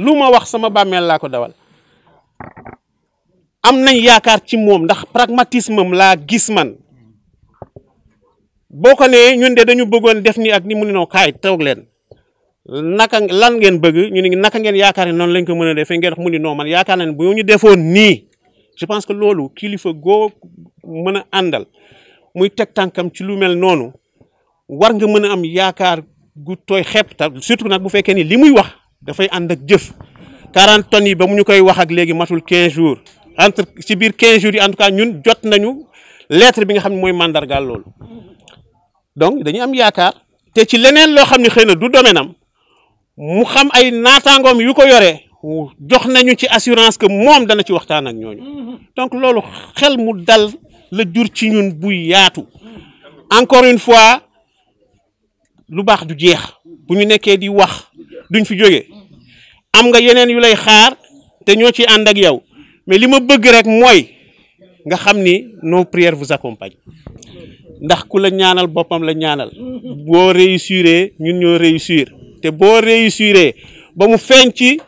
lu ma wax sama bàmmeel laa ko dawal am nañ yaakaar ci moom ndax pragmatisme am laa gis man boo ko nee ñun de dañu bëggoon def nii ak ni mu ne noo kaay toog leen naka lan ngeen bëgg ñu ne naka ngeen yaakaar ne noonu lañ ko mën a defee ngeen wax mu ni noo man yaakaar nañ bu ñu defoon nii je pense que loolu kilifa goo mën a àndal muy teg tànkam ci lu mel noonu war nga mën a am yaakaar gu tooy xep ta surtout nag bu fekkee nii li muy wax dafay ànd ak jëf quarante tonnes yi ba mu ñu koy wax ak léegi matul 15 jours entre ci biir 15 jours yi en tout ñun jot nañu lettre bi nga xam mooy mandargaal loolu donc dañuy am yaakaar te ci leneen loo xam ne xëy na du domaine am mu xam ay naataangoom yu ko yoree jox nañu ci assurance que moom dana ci waxtaan ak ñooñu mm-hmm. donc loolu xel mu dal la jur ci ñun buy yaatu encore une fois lu baax du jeex bu ñu nekkee di wax duñ fi jóge am nga yeneen yu lay xaar te ñoo ci ànd ak yow mais li ma bëgg rek mooy nga xam ni nos prières vous accompagnent ndax ku la ñaanal boppam la ñaanal boo réussiree ñun ñoo réussir te boo réussiree ba mu feeñ ci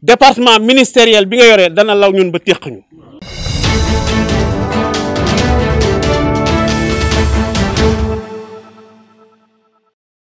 département ministériel bi nga yoree dana law ñun ba téq ñu